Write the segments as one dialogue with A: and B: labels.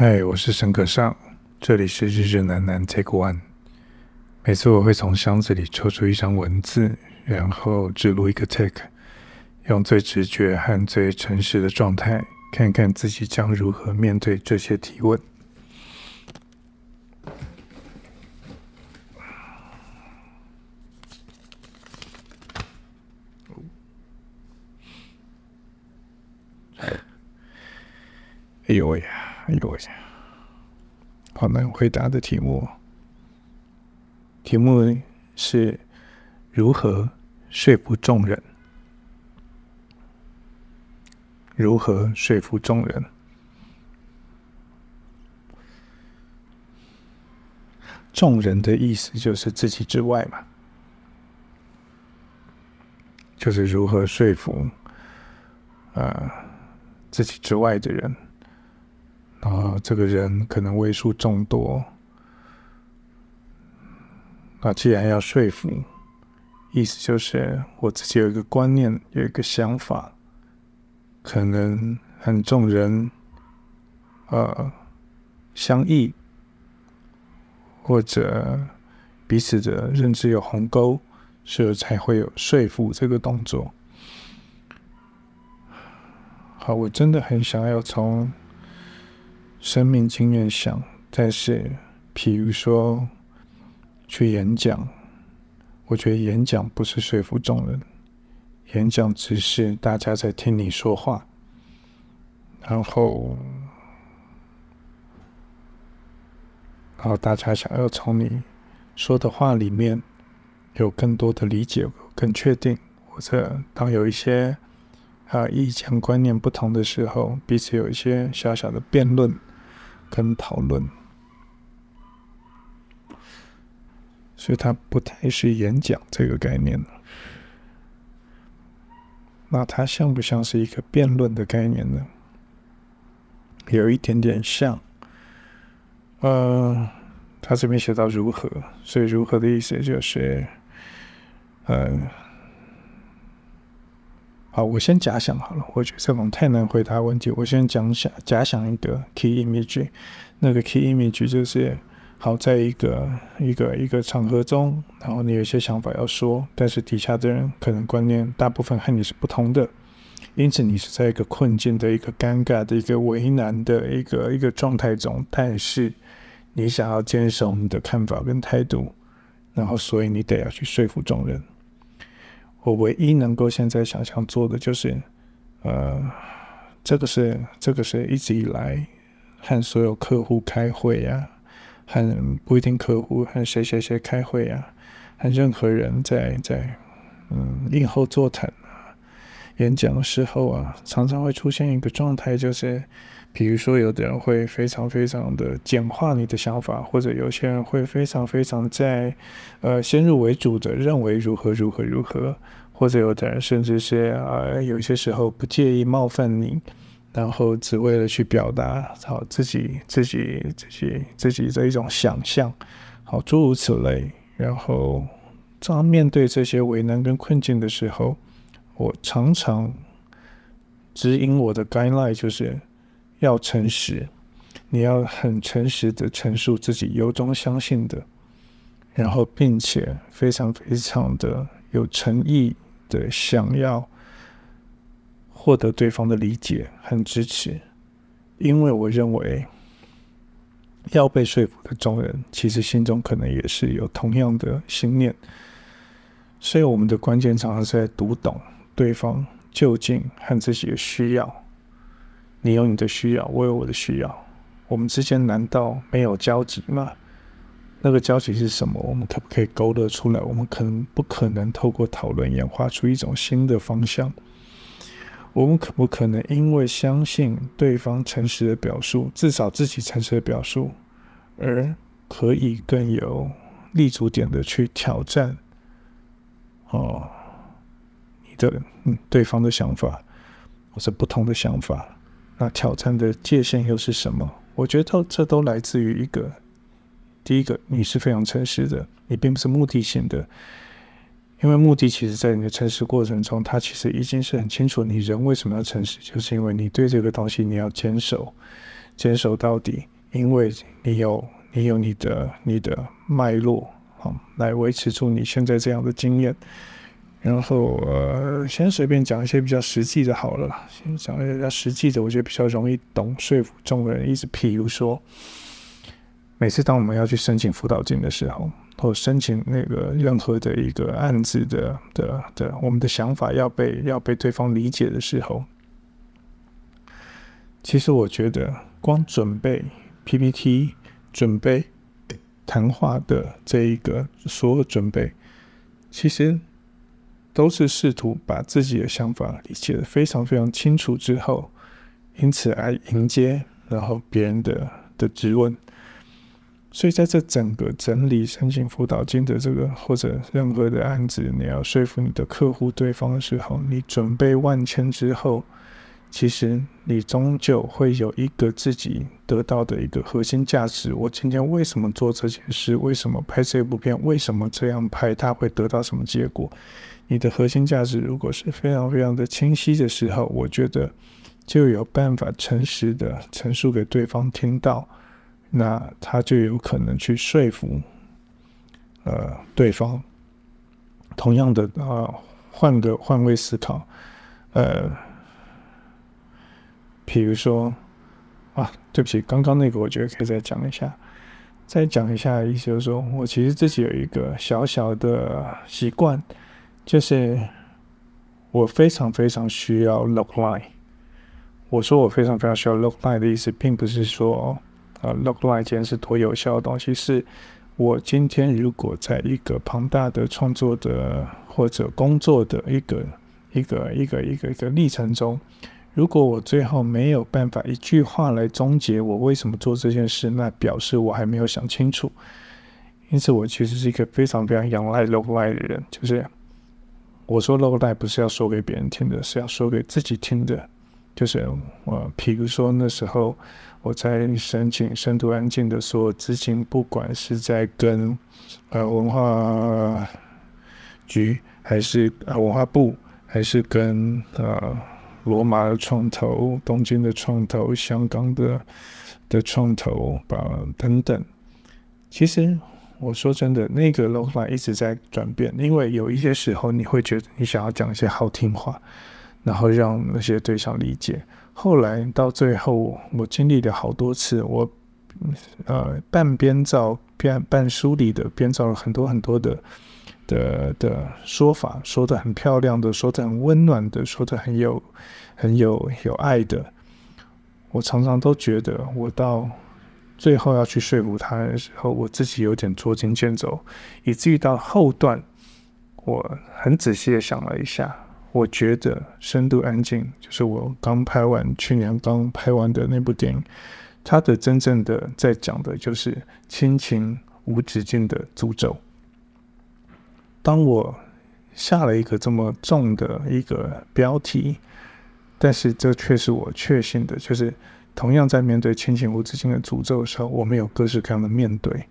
A: 嗨，hey, 我是沈可尚，這裡是日日喃喃 Take One。每次我會從箱子裡抽出一張文字，然後只錄一個 Take，用最直覺和最誠實的狀態，看看自己將如何面對這些提問。哎，哎呦喂呀、啊！好，那、哎、回答的題目，題目是如何說服眾人？如何說服眾人？眾人的意思就是自己之外嘛，就是如何說服啊、呃、自己之外的人。啊，這個人可能為數眾多。那、啊、既然要說服，意思就是我自己有一個觀念，有一個想法，可能很眾人，呃、啊，相異，或者彼此的認知有鴻溝，所以才會有說服這個動作。好，我真的很想要從。生命經驗想，但是，比如說，去演講，我覺得演講不是說服眾人，演講只是大家在聽你說話，然後，然後大家想要從你說的話裡面有更多的理解，更確定，或者當有一些啊意見觀念不同的時候，彼此有一些小小的辯論。跟討論，所以它不太是演講這個概念。那它像不像是一個辯論的概念呢？有一點點像。嗯、呃，他這邊寫到如何，所以如何的意思就是，嗯、呃。我先假想好了，我覺得這種太難回答問題。我先講想假想一個 key image，那個 key image 就是好在一個一個一個場合中，然後你有一些想法要說，但是底下的人可能觀念大部分和你是不同的，因此你是在一個困境的一個尷尬的一個為難的一個一個狀態中，但是你想要堅守你的看法跟態度，然後所以你得要去說服眾人。我唯一能夠現在想像做的就是，呃，這個是這個是一直以來和所有客戶開會呀、啊，和不一定客戶和誰誰誰開會呀、啊，和任何人在在嗯應後座談。演講的時候啊，常常會出現一個狀態，就是比如說，有的人會非常非常的簡化你的想法，或者有些人會非常非常在呃先入為主的認為如何如何如何，或者有的人甚至是啊、呃，有些時候不介意冒犯你，然後只為了去表達好自己自己自己自己的一種想象，好諸如此類。然後當面對這些為難跟困境的時候。我常常指引我的 guideline 就是要誠實，你要很誠實的陳述自己由衷相信的，然後並且非常非常的有誠意的想要獲得對方的理解和支持，因為我認為要被說服的眾人其實心中可能也是有同樣的信念，所以我們的關鍵常常是在讀懂。對方究竟和自己的需要？你有你的需要，我有我的需要，我們之間難道沒有交集嗎？那個交集是什麼？我們可不可以勾勒出來？我們可能不可能透過討論演化出一種新的方向？我們可不可能因為相信對方誠實的表述，至少自己誠實的表述，而可以更有立足點的去挑戰？哦。的嗯，對方的想法，或者不同的想法，那挑戰的界限又是什麼？我覺得這都來自於一個，第一個，你是非常誠實的，你並不是目的性的，因為目的其實在你的誠實過程中，它其實已經是很清楚，你人為什麼要誠實，就是因為你對這個東西你要堅守，堅守到底，因為你有你有你的你的脈絡，好來維持住你現在這樣的經驗。然後，呃，先隨便講一些比較實際的好了啦。先講一些比較實際的，我覺得比較容易懂，說服眾人一直。譬如說，每次當我們要去申請輔導金的時候，或申請那個任何的一個案子的的的，我們的想法要被要被對方理解的時候，其實我覺得光準備 PPT、準備談話的這一個所有準備，其實。都是試圖把自己的想法理解得非常非常清楚之後，因此來迎接然後別人的的質問，所以在這整個整理申請輔導金的這個或者任何的案子，你要說服你的客戶對方的時候，你準備萬千之後。其實你終究會有一個自己得到的一個核心價值。我今天為什麼做這件事？為什麼拍這部片？為什麼這樣拍？它會得到什麼結果？你的核心價值如果是非常非常的清晰的時候，我覺得就有辦法誠實的陳述給對方聽到，那他就有可能去說服呃對方。同樣的啊，呃，換個換位思考，呃。比如說，啊，對不起，剛剛那個我覺得可以再講一下，再講一下，意思就是說，我其實自己有一個小小的習慣，就是我非常非常需要 log line。我說我非常非常需要 log line 的意思，並不是說啊 log line 其實是多有效的東西，是我今天如果在一個龐大的創作的或者工作的一個一個一個一個一個，一個歷程中。如果我最後沒有辦法一句話來終結我為什麼做這件事，那表示我還沒有想清楚。因此，我其實是一個非常非常仰賴 logline 的人。就是我說 logline，不是要說給別人聽的，是要說給自己聽的。就是我，呃、比如說那時候我在申請深度安靜的時候，資金，不管是在跟呃文化局，還是、呃、文化部，還是跟呃。羅馬的創投、東京的創投、香港的的創投吧，等等。其實，我說真的，那個路線，一直在轉變，因為有一些時候，你會覺得你想要講一些好聽話，然後讓那些對象理解。後來到最後，我經歷了好多次，我呃半編造、編半梳理的編造了很多很多的。的的說法，說得很漂亮的，說得很溫暖的，說得很有很有有愛的。我常常都覺得，我到最後要去說服他的時候，我自己有點捉襟見肘，以至於到後段，我很仔細的想了一下，我覺得《深度安靜》就是我剛拍完去年剛拍完的那部電影，它的真正的在講的就是親情無止境的詛咒。當我下了一個這麼重的一個標題，但是這卻是我確信的，就是同樣在面對親情無止境的詛咒的時候，我們有各式各樣的面對。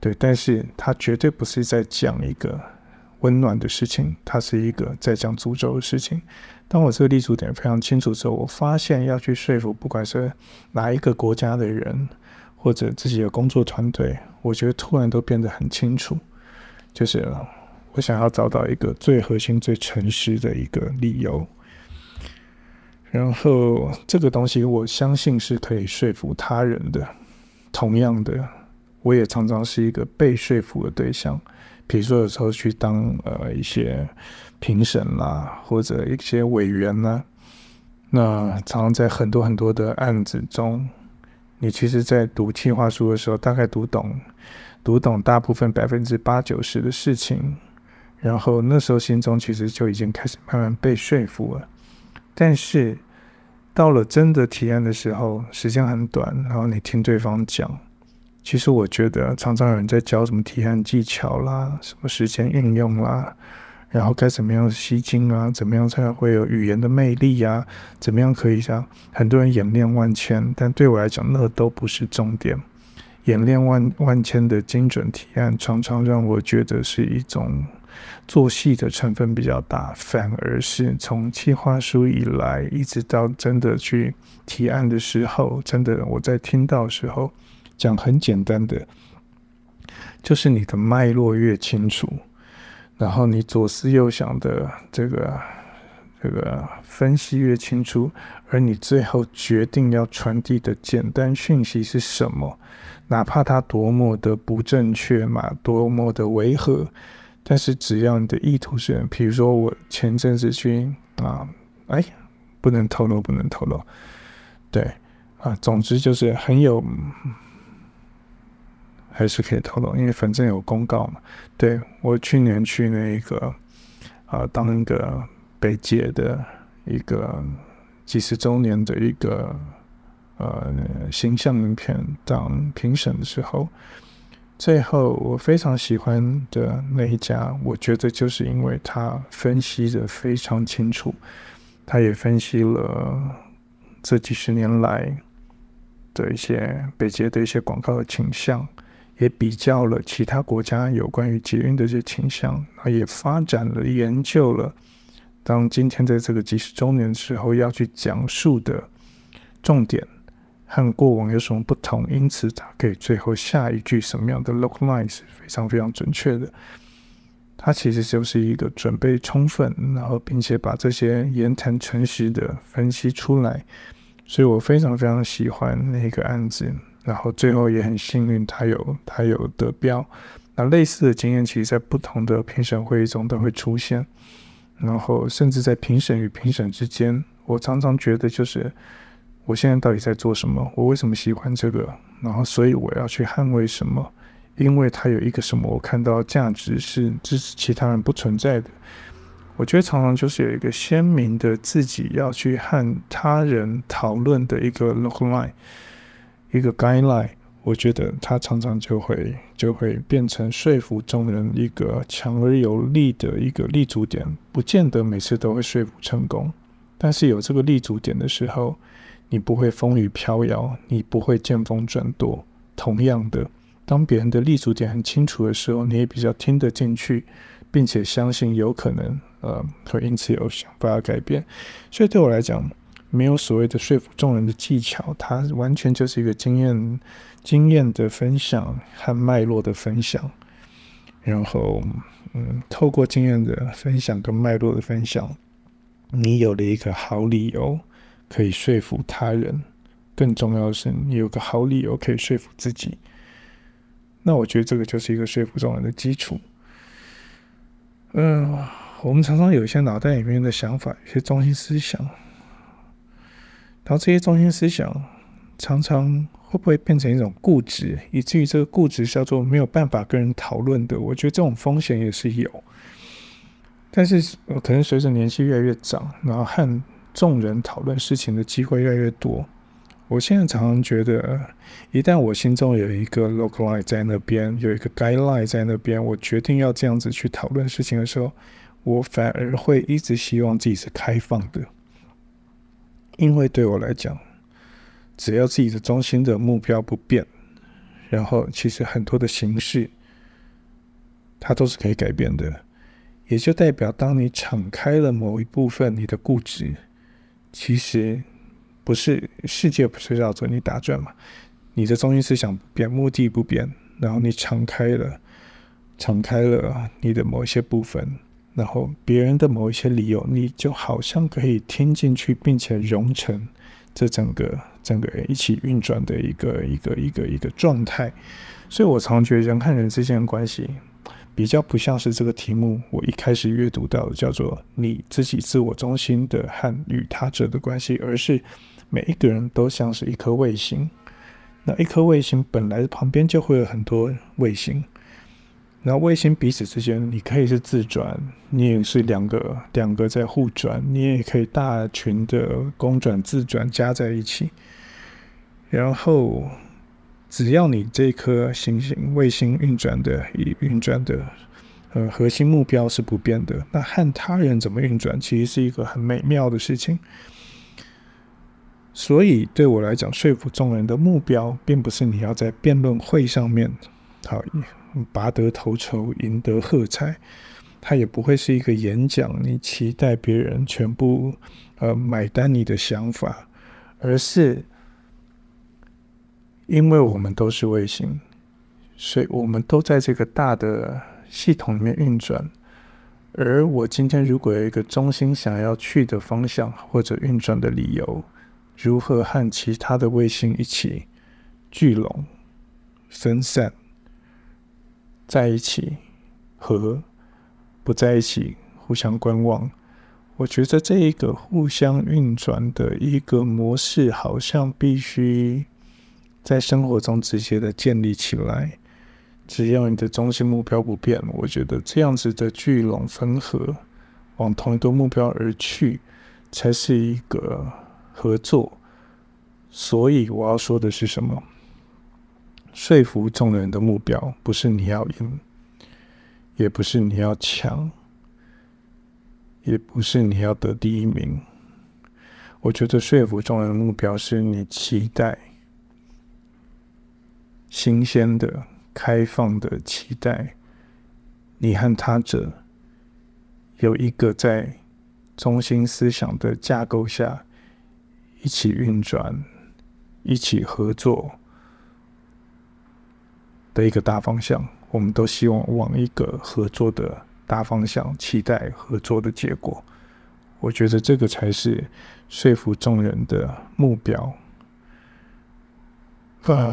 A: 對，但是它絕對不是在講一個溫暖的事情，它是一個在講詛咒的事情。當我這個立足點非常清楚之後，我發現要去說服不管是哪一個國家的人，或者自己的工作團隊，我覺得突然都變得很清楚，就是。我想要找到一個最核心、最誠實的一個理由，然後這個東西我相信是可以說服他人的。同樣的，我也常常是一個被說服的對象。比如說，有時候去當呃一些評審啦、啊，或者一些委員啦、啊。那常常在很多很多的案子中，你其實，在讀計劃書的時候，大概讀懂讀懂大部分百分之八九十的事情。然後那時候心中其實就已經開始慢慢被說服了，但是到了真的提案的時候，時間很短，然後你聽對方講，其實我覺得常常有人在教什麼提案技巧啦，什麼時間應用啦，然後該怎麼樣吸睛啊，怎麼樣才會有語言的魅力啊，怎麼樣可以像、啊、很多人演練萬千，但對我來講那都不是重點，演練萬萬千的精準提案，常常讓我覺得是一種。做戲的成分比較大，反而是從企劃書以來，一直到真的去提案的時候，真的我在聽到的時候，講很簡單的，就是你的脈絡越清楚，然後你左思右想的這個這個分析越清楚，而你最後決定要傳遞的簡單訊息是什麼，哪怕它多麼的不正確嘛，多麼的違和。但是，只要你的意圖是，比如說我前陣子去啊，哎、呃，不能透露，不能透露，對啊、呃，總之就是很有，還是可以透露，因為反正有公告嘛。對，我去年去那一個啊、呃，當一個北捷的一個幾十週年的一個呃形象影片當評審的時候。最後，我非常喜歡的那一家，我覺得就是因為他分析的非常清楚，他也分析了這幾十年來的一些北捷的一些廣告的傾向，也比較了其他國家有關於捷運的一些傾向，他也發展了研究了，當今天在這個幾十周年的時候要去講述的重點。和過往有什麼不同？因此，他給最後下一句什麼樣的 look line 是非常非常準確的。他其實就是一個準備充分，然後並且把這些言談誠實的分析出來。所以我非常非常喜歡那個案子，然後最後也很幸運，他有他有得標。那類似的經驗，其實在不同的評審會議中都會出現，然後甚至在評審與評審之間，我常常覺得就是。我現在到底在做什麼？我為什麼喜歡這個？然後，所以我要去捍衛什麼？因為它有一個什麼？我看到價值是支持其他人不存在的。我覺得常常就是有一個鮮明的自己要去和他人討論的一個 look line，一個 guideline。我覺得它常常就會就會變成說服眾人一個強而有力的一個立足點，不見得每次都會說服成功，但是有這個立足點的時候。你不會風雨飄搖，你不會見風轉舵。同樣的，當別人的立足點很清楚的時候，你也比較聽得進去，並且相信有可能，呃，會因此有想法改變。所以對我來講，沒有所謂的說服眾人的技巧，它完全就是一個經驗經驗的分享和脈絡的分享。然後，嗯，透過經驗的分享跟脈絡的分享，你有了一個好理由。可以說服他人，更重要的是你有個好理由可以說服自己。那我覺得這個就是一個說服眾人的基礎。嗯、呃，我們常常有一些腦袋裡面的想法，有些中心思想，然後這些中心思想常常常會不會變成一種固執，以至於這個固執叫做沒有辦法跟人討論的？我覺得這種風險也是有。但是我可能隨着年紀越來越長，然後和眾人討論事情的機會越來越多。我現在常常覺得，一旦我心中有一個 logline 在那邊，有一個 guideline 在那邊，我決定要這樣子去討論事情的時候，我反而會一直希望自己是開放的，因為對我來講，只要自己的中心的目標不變，然後其實很多的形式，它都是可以改變的，也就代表當你敞開了某一部分你的固執。其實，不是世界不是繞着你打轉嘛？你的中心思想不變，目的不變，然後你敞開了，敞開了你的某一些部分，然後別人的某一些理由，你就好像可以聽進去，並且融成這整個整個一起運轉的一個一個一個一個狀態。所以我常常覺得人和人之間的關係，比較不像是這個題目，我一開始閱讀到的叫做你自己自我中心的和與他者的關係，而是每一個人都像是一顆衛星，那一顆衛星本來旁邊就會有很多衛星，然後衛星彼此之間你可以是自轉，你也是兩個兩個在互轉，你也可以大群的公轉自轉加在一起，然後。只要你這顆行星、衛星運轉的、以運轉的呃核心目標是不變的，那和他人怎麼運轉，其實是一個很美妙的事情。所以，對我來講，說服眾人的目標，並不是你要在辯論會上面好拔得頭籌、贏得喝彩，它也不會是一個演講，你期待別人全部呃買單你的想法，而是。因為我們都是衛星，所以我們都在這個大的系統裡面運轉。而我今天如果有一個中心想要去的方向，或者運轉的理由，如何和其他的衛星一起聚攏、分散，在一起和不在一起，互相觀望。我覺得這一個互相運轉的一個模式，好像必須。在生活中，直接的建立起來，只要你的中心目標不變，我覺得這樣子的聚攏、分合，往同一個目標而去，才是一個合作。所以我要說的是什麼？說服眾人的目標，不是你要贏，也不是你要強，也不是你要得第一名。我覺得說服眾人的目標是你期待。新鮮的、開放的期待，你和他者有一個在中心思想的架構下一起運轉、嗯、一起合作的一個大方向。我們都希望往一個合作的大方向期待合作的結果。我覺得這個才是說服眾人的目標。嗯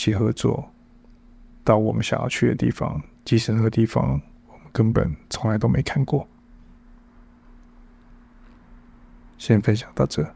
A: 一起合作，到我們想要去的地方，即使那個地方，我們根本從來都沒看過。先分享到這。